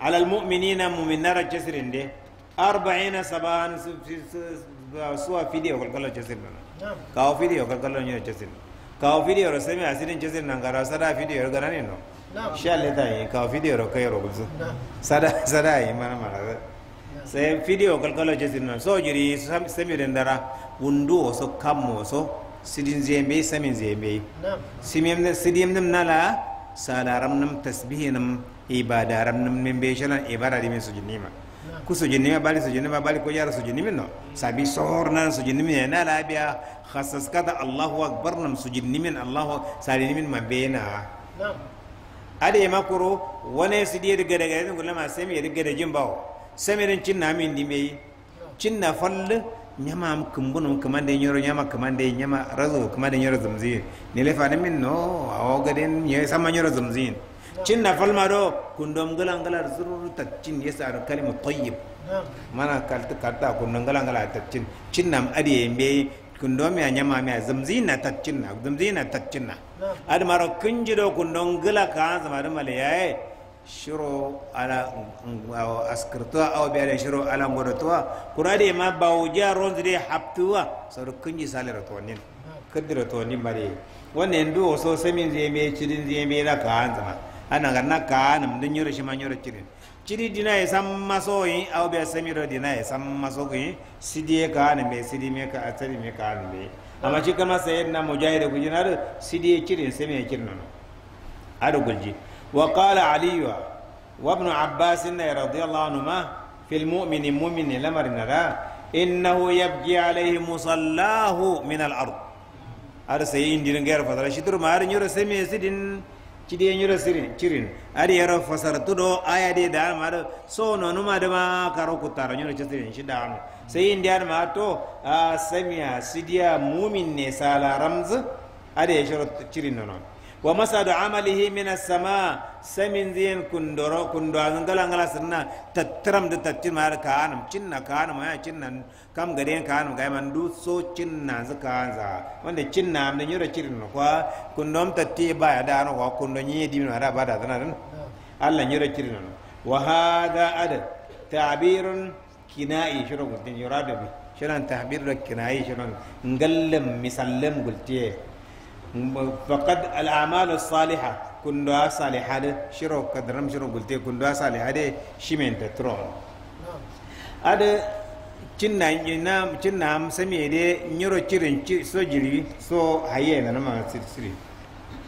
alal mu'minina mu'minara de 40 saban suwa fidiyo kalkalo kesirna kawo fidiyo kalkalo nyo kesirna kawo fidiyo sami asirin kesirna ngara sada fidiyo garanino no sha leta yi ka video ro kai ro buzu sada sada yi mana mara se video kal kal je tin so jiri sami dara wundu so kammo so sidin zembe samin zembe simem ne sidim nem nala salaram nam tasbihinam ibadaram nam membe shalan ibara di sujinima ku sujinima bali sujinima bali ko yara sujinima no sabi sohor nan sujinima na labiya khassas kada allahu akbar nam sujinimin allahu salinimin mabena na'am ade makoro wana su diye daga daga daga kula ma sami daga da jin bawo sami mai cin na min di mai cin na fallu nyama kumbun kaman da yoro nyama kaman da nyama razu kaman da zamzin ne le fa min no awo gaden ne sama yoro zamzin cin na falma do kundom galan galar zurur ta cin yasa ar kalimu tayyib mana kalta kalta kundom galan galar ta cin cin nam ade mai kundo mi anyama mi zamzi na tatchinna zamzi na tatchinna ad maro kunjido kundo ngila ka zamar malayaye shiro ala askirtuwa aw bi ala shiro ala ngodotuwa kurade ma bawja ronzire haptuwa sar kunji salira tonin kadira tonin mare wannan ndu so semin zeme cidin zeme la ka zama ana ganna ka nam dun yoro shima yoro cidin ciri dina e samma soyi aw ɓe samiro dina e samma sogoyi sidiye kaane mbe sidi me ka atari me kaane mbe amma cikkanma sayidna mujahida gujina aɗo sidiye cirin semi e cirnono aɗo golji wa qala aliyu wa wabnu abbasinna e radiallahu anhuma fi lmumini mumini lamarinara innahu yabji alayhi musallahu min al ard aɗa sayi indiri nger fatara sidur maari ñoro semi e sidin chidi nyiro sirin chirin ari yaro fasara tudo aya de da ma do so no no ma de karo kutaro nyiro chisirin shida am sai indian ma to a ah, samiya sidiya mumin ne sala ramz ari yaro chirin no no wa masa masadu amalihi mina sama samin zin kundoro kundo an gala gala sirna tattaram da tattin mar anam cinna anam ya cinna kam ka anam ga man du so cinna zaka za wanda cinna am da nyoro cirin kwa kundom tatti ba ya da no kundo nyi di min ara bada dana dan Allah nyoro cirin no wa hada adad ta'birun kinai shuru gudin yuradu bi shiran tahbir kinai shiran ngallam misallam gultiye faqad al a'malu salihah kundo salihade shiro kadram shiro gulte kundo salihade shimenta tron ada cinna ina cinna am sami de nyoro cirin ci so jiri so haye na ma siri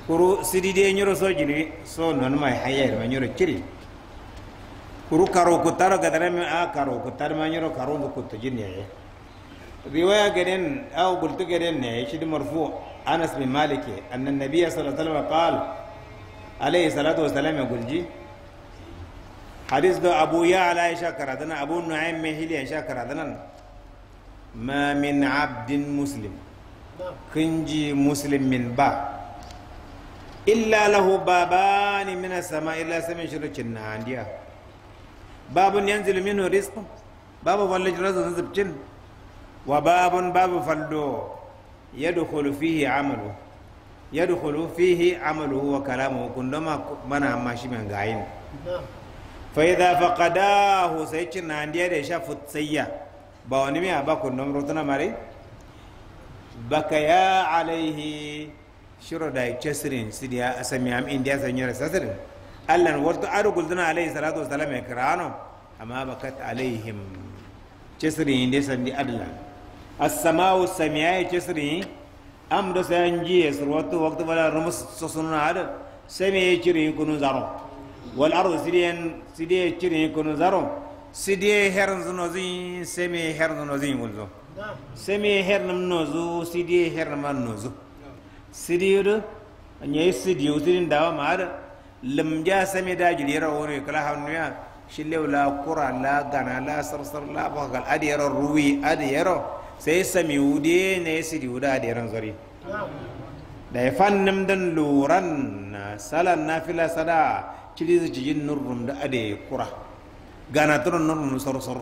kuru Sidi de nyoro so jiri so non ma haye ma nyoro ciri kuru karo ku taro kadram a karo ku tar ma nyoro karo ku to jinne riwaya geden au gulte geden ne shi marfu' أنس بن مالك أن النبي صلى الله عليه وسلم قال عليه الصلاة والسلام يقول جي حديث دو أبو يعلى شكر هذا أبو نعيم مهلي شكر هذا ما من عبد مسلم كنجي مسلم من با إلا له بابان من السماء إلا سمع شرط النهاندية باب ينزل منه رزق باب فلج رزق نزبتن وباب باب فلدو yadkhulu fihi amalu yadkhulu fihi amaluhu wa kalamuhu kundoma mana mashi men gayin fa idha faqadahu sai cinna da sha futsayya ba wani me ba kundom rutuna mare bakaya alaihi shiro da chesrin sidiya asami am indiya sanyara sasrin allan wartu arugul dana alaihi salatu wassalam ikrano amma bakat alaihim indiya as-sama'u samiyai kisri amdo sanji yasru waqtu waqtu wala rumus sosuna ada samiye kiri kunu zaro wal ardu sidiyan sidiye kiri kunu zaro sidiye herin zunozin samiye herin zunozin wulzo samiye herin nozu sidiye herin man nozu sidiyo nye sidiyo sidin dawa ma ada lamja sami da jilira wore kala hannuya shillew la kura la gana la sarsar la bakal adiyar ruwi adiyaro Sai sami seysa mi wuɗene zari da ya zori ɗay fannim den luran salan fila sada zai cijin nurrum da ade kura gana tunan nurrum sor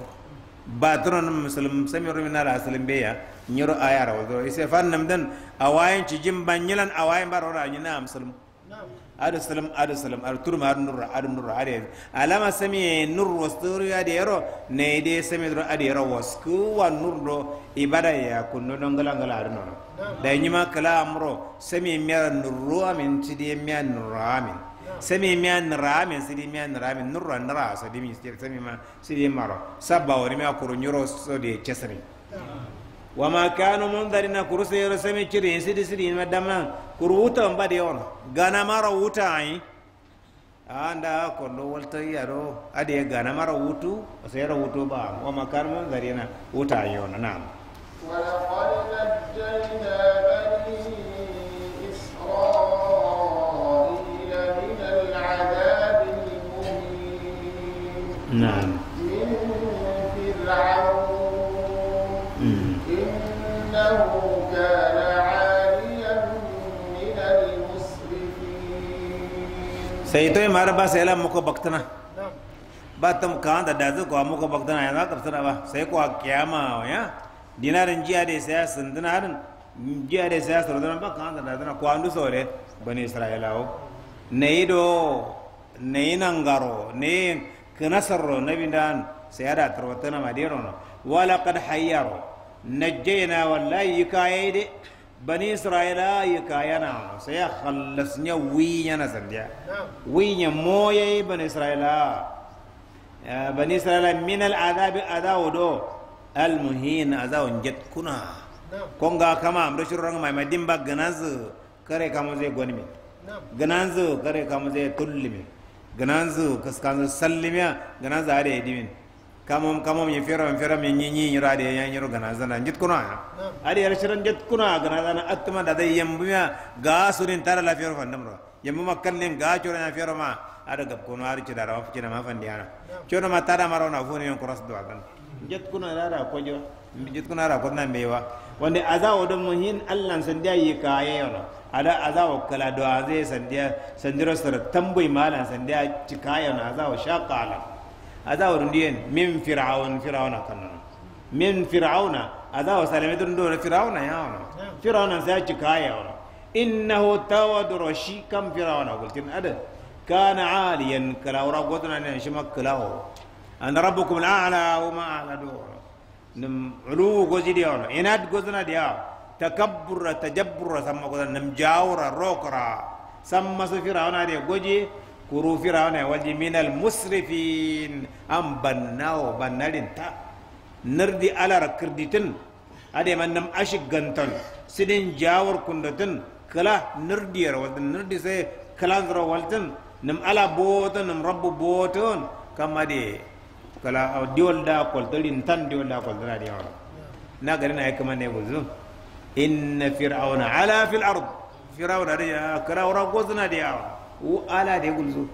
ba tunan musulun. sami rumi na aslim beya nyoro ayara wato ise fannim a wayan cijin banyilan a barora nyina na musulun. adu salam adu salam ar turma ar nur ar nur ar alama sami nur wasturi adi yaro ne de sami turu ada yaro wasku wa nur do ibada ya kunno don gala gala ar nono da nyima kala amro sami miya nuru amin tidi miya nuru amin sami miya nuru amin sidi miya nuru amin nuru nara sidi mi sami ma sidi maro sabawa ni miya kuru nyuro so de chesami wama kanu mundarina kuru seyoro semi ciri sidi sidi ma damna kuru wuta on bade gana mara wuta ai anda kondo walta yaro ade gana mara wutu seyoro wutu ba wama kanu mundarina wuta ولقد نجينا بني إسرائيل من العذاب المهين نعم ಸಹಿತವೇ ಮಾರಭಾಷೆ ಎಲ್ಲ ಮುಖ ಭಕ್ತನ batam kanda da zu ko muka bagdana yana kaftana ba sai ko kiyama ya dinarin jiya da sai sun dinarin jiya da sai sun dinarin ba kanda da dana ko andu sore bani isra'ilawo nei do nei nangaro nei kanasarro nabindan sai da tarwatana madiro wala qad hayyaro najjayna wallahi yukaide bani israila yi kayana sai ya khallas nya winya na zandiya winya moye bani israila bani israila min al adabi adawu do al muhin azawu jet kuna konga kama amre shuranga mai madin ba ganaz kare kama zai gonmi ganaz kare kama zai tullimi ganaz kaskan sallimiya ganaz are edimin kamom kamom ye feram fira mi nyi nyi ra de yan yoro gana zana jit kuna ari ari shiran jit kuna gana zana atma da dai yambuya ga surin tara la fero fandam ro yambu makkan len ga chora na fero ma ada gab kono ari chira rawa fitina ma fandiana chona ma tara maro na funi yon cross do agan jit kuna ra ra ko jo jit kuna ra ko na mewa wande azawo don muhin allan san ka yi kaye yana ada azawo kala do azai sandiya sandiro sar tambay mala sandiya chikaya na azawo shaqala aza warundiyen min firaun firauna kannano min firauna aza wa salame dun do firauna ya ona firauna sai ci kaya ona innahu tawadro shi kam firauna gultin ada kana aliyan kala wara godna ne shi makkalaho an rabbukum al'ala wa ma ala aladu nim ulu gozidi ona inad gozna dia takabbura tajabbura samma gozna nam jawra rokra samma su firauna de goje. kuru Firawuna e waɗi min al musrifin an bannawo bannarin ta nerdi alara kirditin ade man nam ashigantan, sidin jawar kundatin kala nerdiyar waltin nerdi sai kala zira waltin nam ala boto nam rabbu boton kama de kala diwol da koltolin tan diwol da koltola de yawon na gari na ya kama ne buzu inna Firawuna ala fil ard fir'auna da ya kala wura gozuna da yawon wo ala de gulzu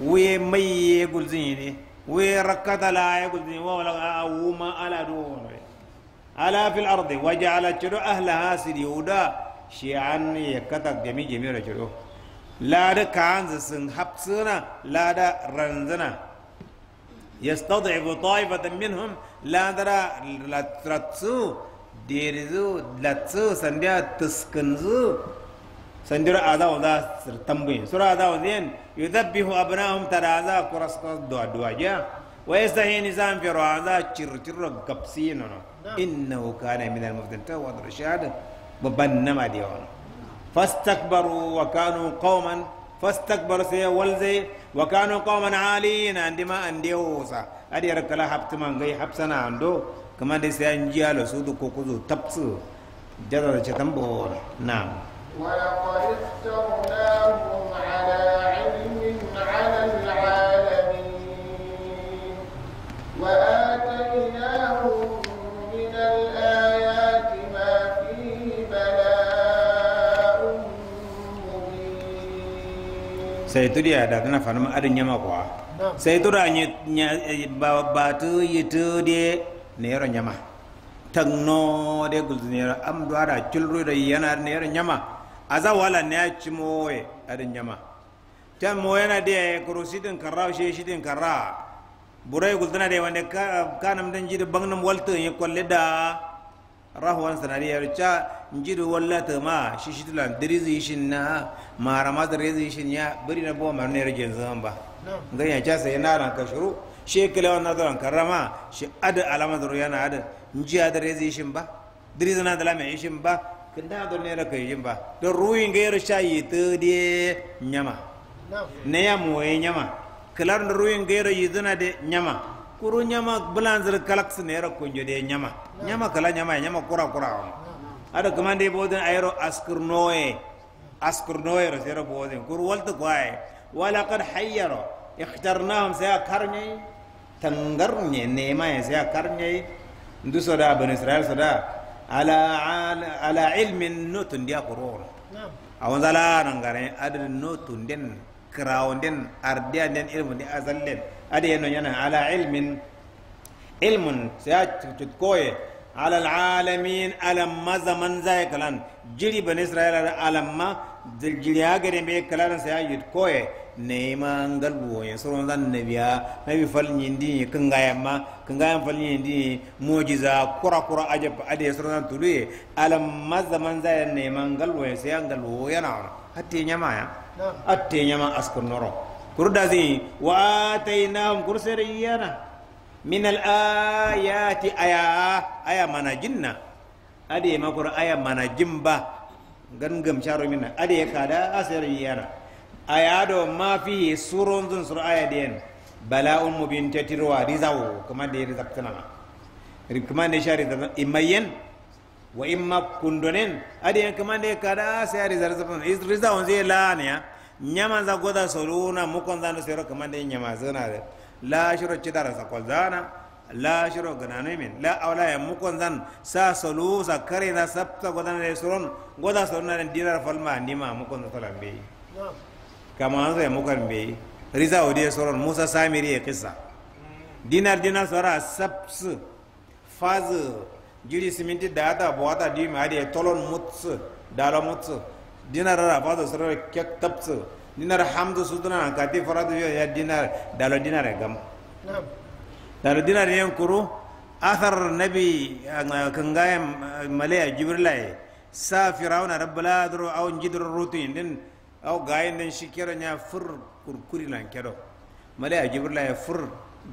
wo ye mai ye gulzin ne wo ye rakkata la ye gulzin wo wala a wo ma ala do wono de ala fil ardi wa ja'ala chudu ahlaha sidiuda shi'an ye kata jami jami ra chudu lada kanza sun hapsuna lada ranzana يستضعف طائفة منهم لا ترى لا ترتسو ديرزو لتسو سنبيا تسكنزو سندر آذا ودا تمبين سورة آذا ودين يذبح أبناهم ترى آذا كرس كرس دوا دوا جا ويستحي نظام في رعاذا چر چر قبسين نعم. إنه كان من المفتن تود رشاد ما ديون فاستكبروا وكانوا قوما فاستكبروا سي والزي وكانوا قوما عالين عندما انديوسا ادي ركلا حبت من غي حبسنا عنده كما دي سي سودو كوكوزو تبسو جدر چتمبو نعم sai turi ya da tana fanama adin yama kuwa sai da ba tu yi tu de ne yaro tagno de gulzinera am duara chulru da yana ne yaro aza wala ne a cimowe adin jama tan mo yana de shidin karra shi shidin karra burai guldana da wanda kanam dan jidi bangnam walta ye kwalli da rahuwan sanariyar ca rica jidi wallata ma shi shidlan dirizi shi na marama da rezi shi ya bari na marina marne rajin zaman ba ngan ya casa yana ran ka shuru Shi kila wannan zaran karrama shi ada alama da yana ada njiya da rezi shi ba dirizi na da lamin shi ba kinda kai nera kay yimba do ruwi ngero shayi de nyama ne ya mu wai nyama klar do ruwi yi yiduna de nyama kuru nyama ne kalaks nera jo de nyama nyama kala nyama nyama kura kura on ada kamande bodin ayro askur noye askur noe sai sero bodin kuru walta kwaye wala qad hayyaro ikhtarnahum sa karnye ne nema sa karnye ndu soda ban israel soda ala ala ilmin no tundiya qur'an awon zala nan gare adal den tunden den ardiya den ilmun di azallen ade yeno yana ala ilmin ilmun sai tutkoye ala alamin alamma zaman zai kalan jiri ban isra'ila alamma jiriya gare me kalan sai yutkoye nema ngalwo ya soro zan nabiya nabi falni ndi kinga yamma kinga yamma falni ndi mujiza kura kura ajab ade soro zan tuluye alam mazaman ya nema ngalwo ya sai ngalwo yana hatte nyama ya atte nyama askun noro zai yi wa atainahum kursariyana min al ayati aya aya mana jinna ade makura aya mana jimba gangam charo minna ade kada asariyana ayado ma fi suron zun sur aya den bala'un mubin tatirwa rizawo kuma da riza tanama kuma ne shari da imayen wa imma kundonen adiyan kuma ne kada sai rizar riza rizawo zai la ne ya nyama za goda soruna mukon zanu sero kuma ne nyama zana da la shiro cidara sa kolzana la shiro ganane min la awla ya mukon zan sa solu sa kare na sabta goda ne soron goda soruna ne dirar falma nima mukon da talambe na'am kamananso ya mukan be risa odiye soron musa samiri ye kisa dinar dinar sora saps faz jiri siminti data boata dimi adi tolon muts dalo muts dinar ra faz sora kek taps dinar hamdu sudna kati faradu ya dinar dalo dinar gam dalo dinar yen kuru athar nabi kangaya malaya jibrila sa firawna rabbala adru aw jidru rutin din aw gayen nan shi kero nya fur kurkuri lan kero male a jibrila ya fur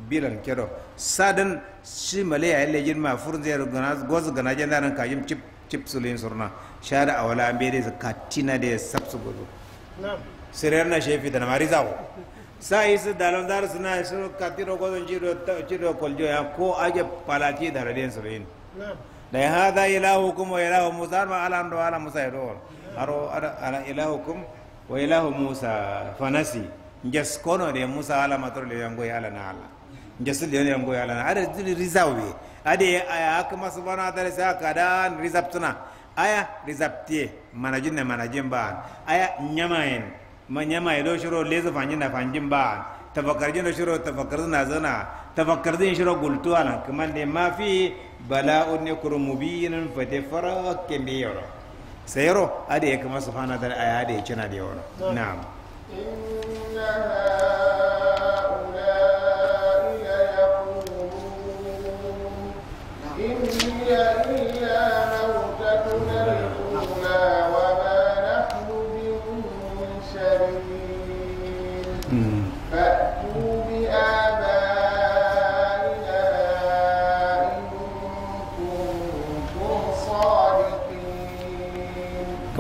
bilan kero sadan shi male ya le ma fur zero ganas goz gana janda ka kajim chip chip sulin surna shara awala ambere zakatina de sabsu gozo na'am sirar na shefi da mari zawo sa isa dalon dar suna su katiro gozo jiro jiro koljo ya ko aje palati da rade sulin da ya hada ilahukum wa ilahu musa ma ala do ala musa yaro aro ala ilahukum wa ilahu musa fanasi nges kono de musa ala matoro le yango yala na ala nges le yango ala na ada dili rizawe ade aya akma subhanahu wa ta'ala sa kadan rizabtuna aya rizabtie manajin na manajin ba aya nyamaen manyama lo shiro lezo fanjin na fanjin ba tafakkarjin lo shiro tafakkarjin na zana tafakkarjin shiro gultuwa na kuma ne mafi bala'un ne kurmubinin fate fara kembe yoro sayro ade ya kama subhanahu wa ta'ala ade ya kina da yawa na'am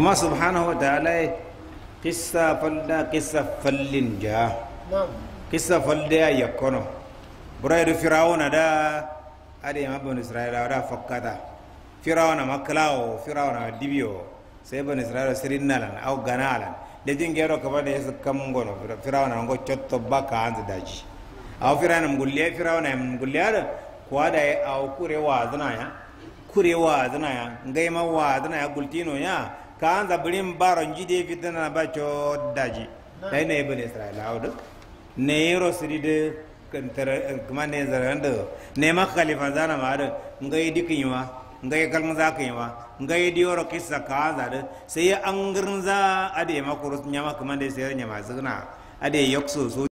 kuma subhanahu wa ta'ala kissa falda kisa fallin ja kisa falda ya yakono burai da firawuna da ade ma bani israila da fakkata firawuna maklao firawuna dibio sai bani israila sirinnalan au gana ganalan da jin gero kaba da yasu kamgono firawuna ngo chotto baka anzu daji au firawuna mgulle firawuna mgulle ada kuwa da e au kurewa zana ya kurewa zana ya ngai ma wa zana ya gultino ya kanza birin baron jide fitana ba daji dai ne ibn isra'ila awdu ne yiro siride eh, kuma ne zaran da ne ma khalifa zana ma da ngai dikinwa ngai kalmu zakinwa ngai diyoro kissa kanza da sai an gurza ade makurus nyama kuma da sai nyama zuna ade yokso